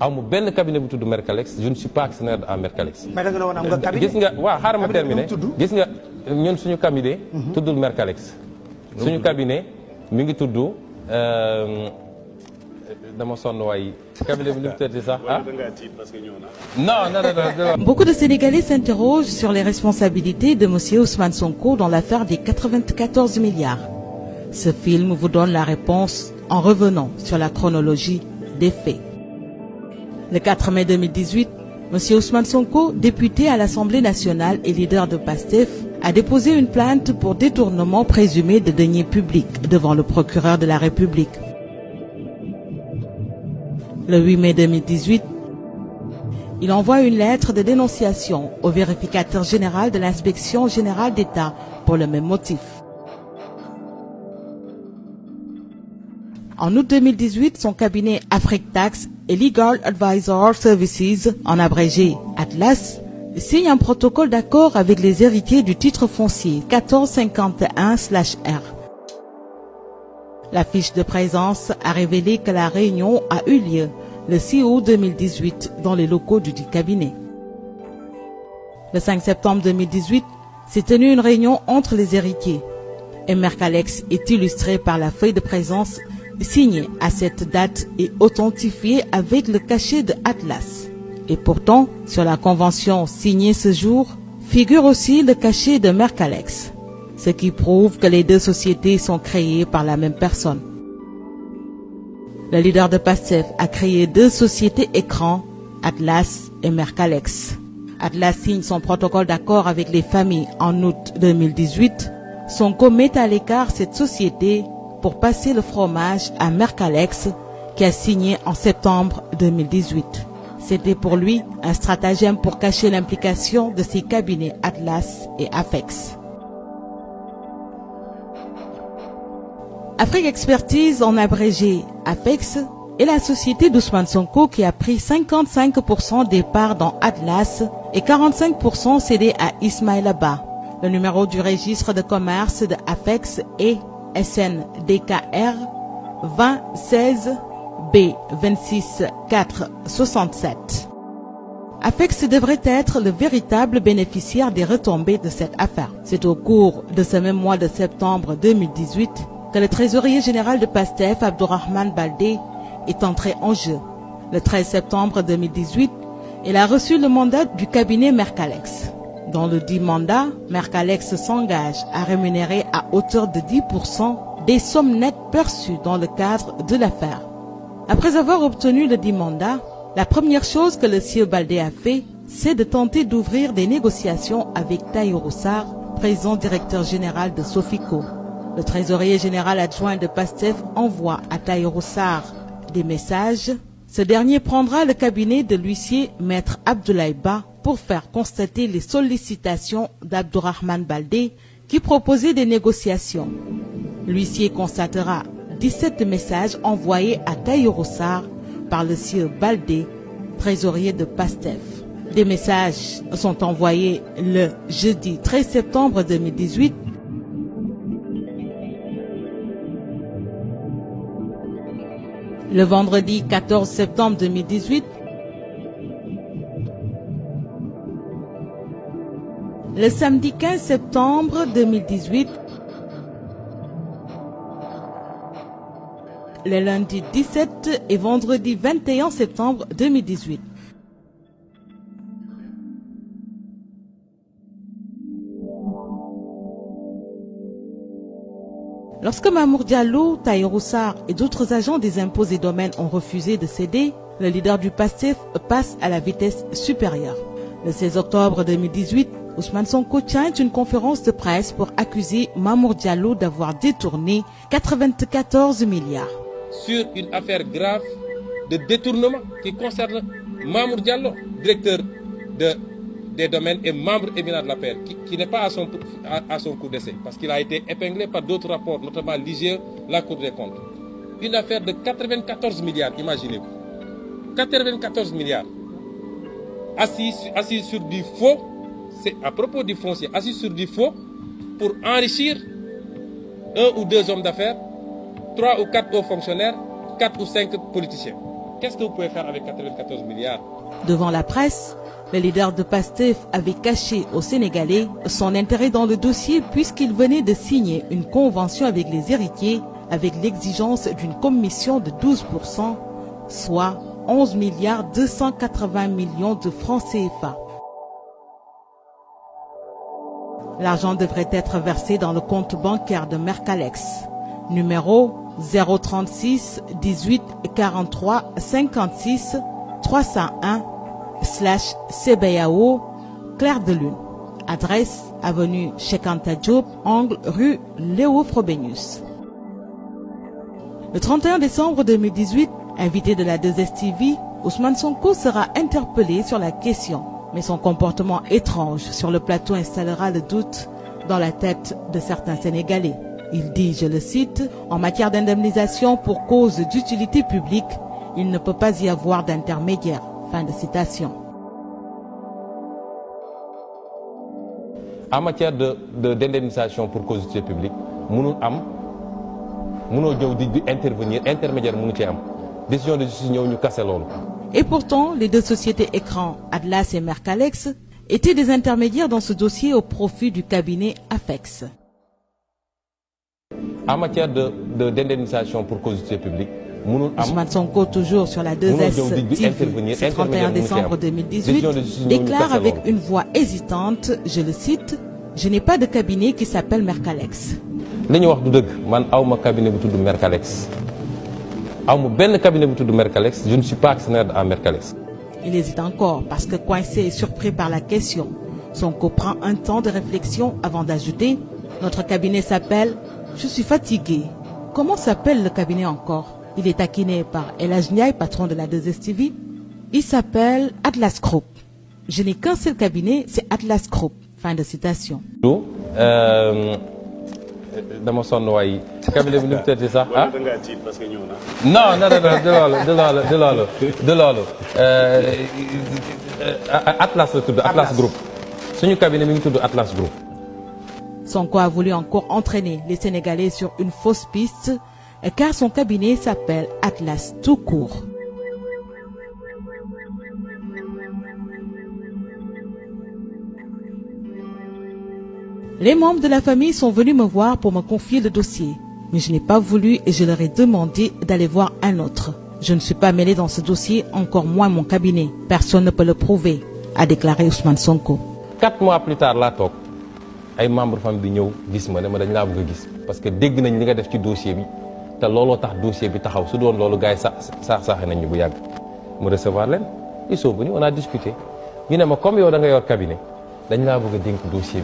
amu benn cabinet bu tudd Mercalex je ne suis pas actionnaire à Mercalex. mais da nga woon am nga cabinet gis nga waaw xaaral ma terminer gis nga ñun suñu cabinet. Mhm. tuddul Mercalex. suñu cabinet mi ngi tudd euh, dama sonn waay cabinet bi nu mu tëddee sax ah? non non non. Beaucoup de Sénégalais s'interrogent sur les responsabilités de monsieur Ousmane Sonko dans l'affaire des 94 milliards. Ce film vous donne la réponse en revenant sur la chronologie des faits. Le 4 mai 2018, M. Ousmane Sonko, député à l'Assemblée nationale et leader de PASTEF, a déposé une plainte pour détournement présumé de deniers publics devant le procureur de la République. Le 8 mai 2018, il envoie une lettre de dénonciation au vérificateur général de l'inspection générale d'État pour le même motif. En août 2018, son cabinet Afrique Tax et Legal Advisor Services, en abrégé Atlas, signe un protocole d'accord avec les héritiers du titre foncier 1451-R. La fiche de présence a révélé que la réunion a eu lieu le 6 août 2018 dans les locaux du cabinet. Le 5 septembre 2018, s'est tenue une réunion entre les héritiers et Mercalex est illustré par la feuille de présence signé à cette date et authentifié avec le cachet de Atlas. Et pourtant, sur la convention signée ce jour, figure aussi le cachet de Mercalex, ce qui prouve que les deux sociétés sont créées par la même personne. Le leader de PASSEF a créé deux sociétés écrans, Atlas et Mercalex. Atlas signe son protocole d'accord avec les familles en août 2018. Son met à l'écart cette société pour passer le fromage à Mercalex qui a signé en septembre 2018. C'était pour lui un stratagème pour cacher l'implication de ses cabinets Atlas et Afex. Afrique Expertise, en abrégé Afex, est la société d'Ousmane Sonko qui a pris 55% des parts dans Atlas et 45% cédé à Ismail Abba. Le numéro du registre de commerce de Afex est SNDKR 2016 B 26 4 67. AFEX devrait être le véritable bénéficiaire des retombées de cette affaire. C'est au cours de ce même mois de septembre 2018 que le trésorier général de PASTEF, Abdourahman Baldé, est entré en jeu. Le 13 septembre 2018, il a reçu le mandat du cabinet Mercalex. Dans le dit mandat, Mercalex s'engage à rémunérer à hauteur de 10% des sommes nettes perçues dans le cadre de l'affaire. Après avoir obtenu le dit mandat, la première chose que le sieur Baldé a fait, c'est de tenter d'ouvrir des négociations avec Taïro Roussard, président directeur général de Sofico. Le trésorier général adjoint de PASTEF envoie à Taïro Roussard des messages. Ce dernier prendra le cabinet de l'huissier Maître Abdoulaye Ba pour faire constater les sollicitations d'Abdourahman Baldé qui proposait des négociations. L'huissier constatera 17 messages envoyés à Taïroussar par le sieur Baldé, trésorier de PASTEF. Des messages sont envoyés le jeudi 13 septembre 2018 Le vendredi 14 septembre 2018, Le samedi 15 septembre 2018, le lundi 17 et vendredi 21 septembre 2018. Lorsque Mamour Diallo, et d'autres agents des impôts et domaines ont refusé de céder, le leader du passif passe à la vitesse supérieure. Le 16 octobre 2018, Ousmane Sonko tient une conférence de presse pour accuser Mamour Diallo d'avoir détourné 94 milliards. Sur une affaire grave de détournement qui concerne Mamour Diallo, directeur de, des domaines et membre éminent de la paix, qui, n'est pas à son, à, son coup d'essai, parce qu'il a été épinglé par d'autres rapports, notamment l'IGE, la Cour des comptes. Une affaire de 94 milliards, imaginez-vous. 94 milliards, assis, assis sur du faux c'est à propos du foncier, assis sur du faux, pour enrichir un ou deux hommes d'affaires, trois ou quatre hauts fonctionnaires, quatre ou cinq politiciens. Qu'est-ce que vous pouvez faire avec 94 milliards Devant la presse, le leader de PASTEF avait caché aux Sénégalais son intérêt dans le dossier puisqu'il venait de signer une convention avec les héritiers avec l'exigence d'une commission de 12%, soit 11 milliards 280 millions de francs CFA. L'argent devrait être versé dans le compte bancaire de Mercalex. Numéro 036 18 43 56 301 slash CBAO Claire de Lune. Adresse avenue Chekanta Diop, angle rue Léo Frobenius. Le 31 décembre 2018, invité de la 2STV, Ousmane Sonko sera interpellé sur la question mais son comportement étrange sur le plateau installera le doute dans la tête de certains Sénégalais. Il dit, je le cite, En matière d'indemnisation pour cause d'utilité publique, il ne peut pas y avoir d'intermédiaire. Fin de citation. En matière d'indemnisation pour cause d'utilité publique, nous am, intervenir, intermédiaire, nous am. Décision de justice, nous avons et pourtant, les deux sociétés écrans Atlas et Mercalex étaient des intermédiaires dans ce dossier au profit du cabinet AFEX. En matière d'indemnisation pour cause public, public, Ousmane Sonko, toujours sur la 2S Le 31 décembre 2018, déclare avec une voix hésitante, je le cite, « Je n'ai pas de cabinet qui s'appelle Mercalex cabinet de Mercalex je ne suis pas actionnaire à Mercalex. Il hésite encore parce que coincé et surpris par la question. Son co prend un temps de réflexion avant d'ajouter Notre cabinet s'appelle Je suis fatigué. Comment s'appelle le cabinet encore Il est taquiné par El Ajniaï, patron de la 2STV. Il s'appelle Atlas Group. Je n'ai qu'un seul cabinet, c'est Atlas Group. Fin de citation. Euh, dans mon son bi Atlas Group. cabinet Atlas Group. a voulu encore entraîner les Sénégalais sur une fausse piste car son cabinet s'appelle Atlas tout court. Les membres de la famille sont venus me voir pour me confier le dossier mais je n'ai pas voulu et je leur ai demandé d'aller voir un autre. Je ne suis pas mêlé dans ce dossier, encore moins mon cabinet. Personne ne peut le prouver, a déclaré Ousmane Sonko. Quatre mois plus tard, là, membre famille la famille gis ma ma dañ la bëgg parce que dégg que li nga def ci dossier bi dire que tax dossier bi taxaw su doon dire gars je sax recevoir ils sont venus on a discuté ma comme yow da cabinet dossier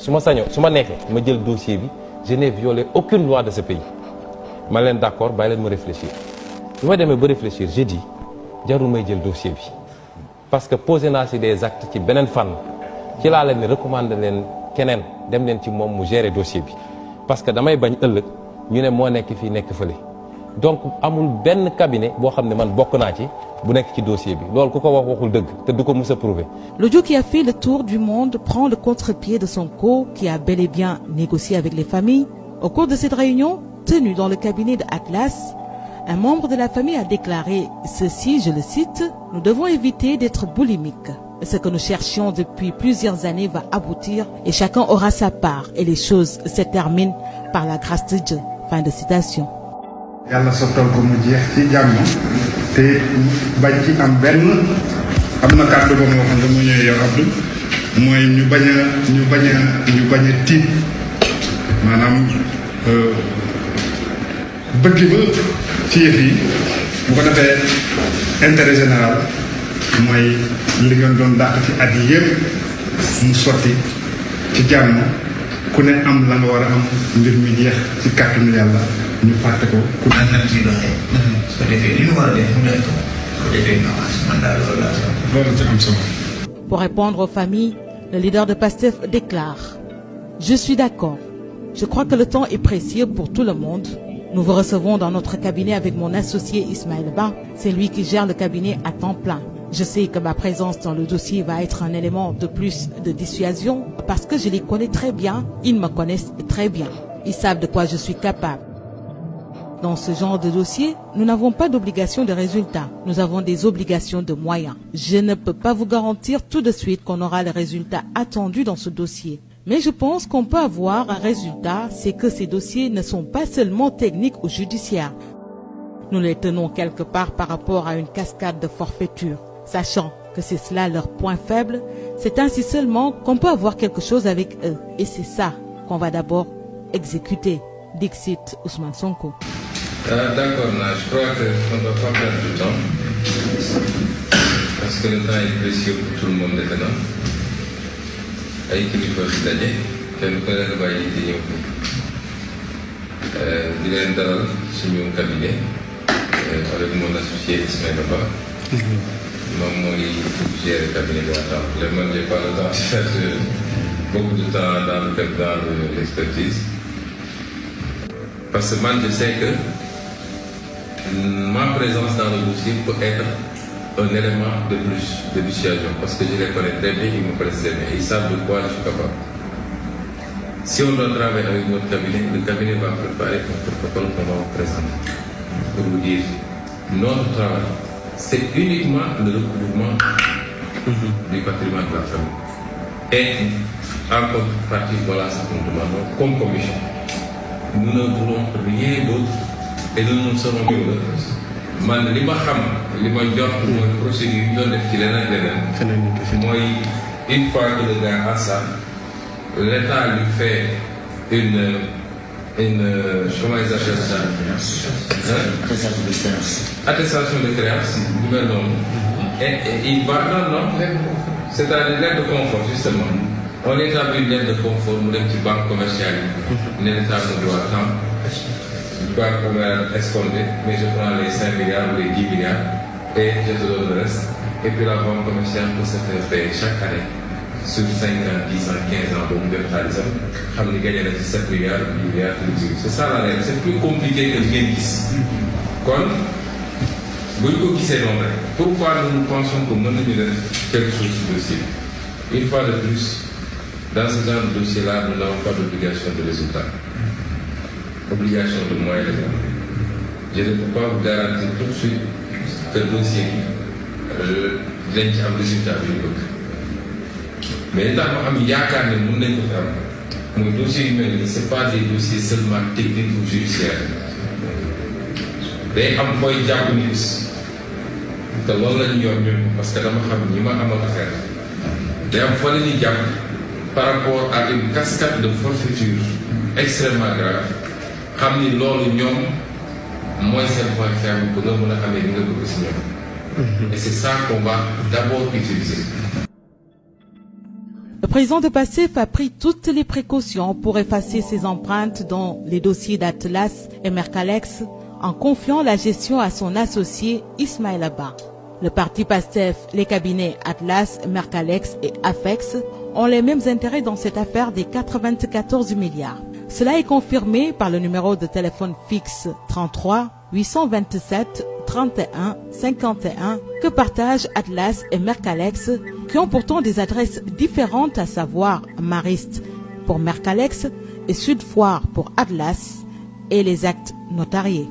suma ma sañoo su ma ma jël dossier bi je n'ai violé aucune loi de ce pays ma leen d'accord bàyyi leen ma réfléchir bi ma demee ba réfléchir j'ai dit jarul may jël dossier bi parce que posé naa si des actes ci beneen fànn ci laa leen ni recommandé leen keneen dem leen ci moom mu gérer dossier bi parce que damay bañ ëllëg ñu ne moo nekk fii nekk fële donc amul benn cabinet boo xam ne man bokk naa ci L'audio qui a fait le tour du monde prend le contre-pied de son co qui a bel et bien négocié avec les familles. Au cours de cette réunion tenue dans le cabinet d'Atlas, un membre de la famille a déclaré ceci, je le cite, nous devons éviter d'être boulimiques. Ce que nous cherchions depuis plusieurs années va aboutir et chacun aura sa part et les choses se terminent par la grâce de Dieu. Fin de citation. te bañ ci am benn am na kàddu ba moo xam ne ñëwee yow Abdou mooy ñu bañ a ñu bañ ñu bañ a tiit maanaam euh, bëgg ba ci yëf yi bu ko defee intérêt général mooy li ngeen doon dàq ci at yi yëpp mu sotti ci jàmm. Pour répondre aux familles, le leader de PASTEF déclare Je suis d'accord. Je crois que le temps est précieux pour tout le monde. Nous vous recevons dans notre cabinet avec mon associé Ismaël Ba. C'est lui qui gère le cabinet à temps plein. Je sais que ma présence dans le dossier va être un élément de plus de dissuasion parce que je les connais très bien, ils me connaissent très bien, ils savent de quoi je suis capable. Dans ce genre de dossier, nous n'avons pas d'obligation de résultat, nous avons des obligations de moyens. Je ne peux pas vous garantir tout de suite qu'on aura les résultats attendus dans ce dossier. Mais je pense qu'on peut avoir un résultat, c'est que ces dossiers ne sont pas seulement techniques ou judiciaires. Nous les tenons quelque part par rapport à une cascade de forfaitures sachant que c'est cela leur point faible, c'est ainsi seulement qu'on peut avoir quelque chose avec eux. Et c'est ça qu'on va d'abord exécuter. Dixit Ousmane Sonko. Euh, d'accord, je crois qu'on ne doit pas perdre du temps. Parce que le temps est précieux pour tout le monde maintenant. Avec une chose d'aller, quelqu'un va y aller. Euh, di leen dalal cabinet euh, avec mon associé Ismaël Ba. Mmh. Moi, j'ai le cabinet de la table Je j'ai pas le temps de faire euh, beaucoup de temps dans le de l'expertise parce que je sais que ma présence dans le dossier peut être un élément de plus de parce que je les connais très bien, ils me connaissent très bien, ils savent de quoi je suis capable. Si on doit travailler avec notre cabinet, le cabinet va préparer un protocole qu'on va vous présenter pour vous dire notre travail c'est uniquement le recouvrement du patrimoine de la famille. Et en contrepartie, voilà ce que nous comme commission. Nous ne voulons rien d'autre et nous ne serons mieux. de man li ma xam li ma jox mooy procédure yi ñu doon faire une fois que le gars a l'état lui fait une une chômagisation ça Attestation de créance du même nombre. Et, il va non, l'ordre, c'est-à-dire de confort, justement. On établit lien de confort, pour une petite banque commerciale, une étape de droit une banque commerciale escondée, mais je prends les 5 milliards ou les 10 milliards et je te donne le reste. Et puis la banque commerciale peut se faire payer chaque année sur 5 ans, 10 ans, 15 ans boobu def xaalisam xam quand gagné a gagné 17 milliards milliards c'est ça la règle c'est plus compliqué que ngeen gis Quand vous ko qui noonu pourquoi nous pensons que mën nañu faire quelque chose ci dossier une fois de plus dans ce genre de dossier là nous n'avons pas d'obligation de résultat obligation de moyens de je ne peux pas vous garantir tout de suite que le dossier bi euh, à résultat de ñu mais li tax yaakaar ne mun nañ ko fi am mooy mel ni c'est pas des dossiers seulement techniques ou judiciaires day am fooy jàpp nit te loolu lañu yoon ñun parce que dama xam ñi ma amal affaire day am foo la ñuy par rapport à une cascade de forfaiture extrêmement grave xam ni loolu ñoom mooy seen point faible bu nga mën a amee ni nga bëgg si ñoom mm-hmm. et c'est ça qu'on va d'abord utiliser président de PASSEF a pris toutes les précautions pour effacer ses empreintes dans les dossiers d'Atlas et Mercalex en confiant la gestion à son associé Ismaël Abba. Le parti PASTEF, les cabinets Atlas, Mercalex et Afex ont les mêmes intérêts dans cette affaire des 94 milliards. Cela est confirmé par le numéro de téléphone fixe 33 827 31 51 que partagent Atlas et Mercalex, qui ont pourtant des adresses différentes à savoir Marist pour Mercalex et Sudfoire pour Atlas et les actes notariés.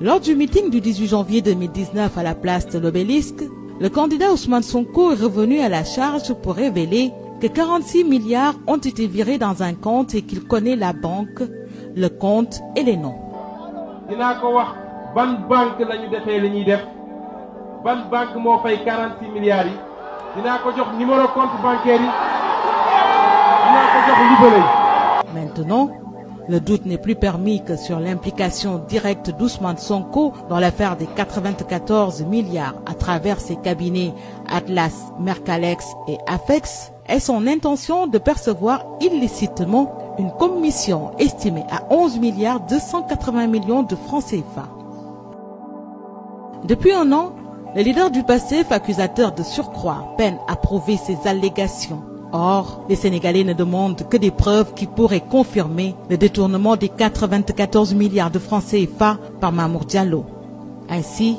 Lors du meeting du 18 janvier 2019 à la place de l'obélisque, le candidat Ousmane Sonko est revenu à la charge pour révéler que 46 milliards ont été virés dans un compte et qu'il connaît la banque, le compte et les noms banque banque 46 milliards Maintenant, le doute n'est plus permis que sur l'implication directe d'Ousmane Sonko dans l'affaire des 94 milliards à travers ses cabinets Atlas, Mercalex et Afex et son intention de percevoir illicitement une commission estimée à 11 milliards 280 millions de francs CFA. Depuis un an, le leader du PASTEF accusateur de surcroît peine à prouver ses allégations. Or, les Sénégalais ne demandent que des preuves qui pourraient confirmer le détournement des 94 milliards de francs CFA par Mamour Diallo. Ainsi,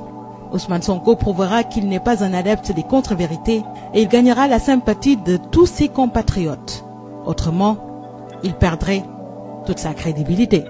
Ousmane Sonko prouvera qu'il n'est pas un adepte des contre-vérités et il gagnera la sympathie de tous ses compatriotes. Autrement, il perdrait toute sa crédibilité.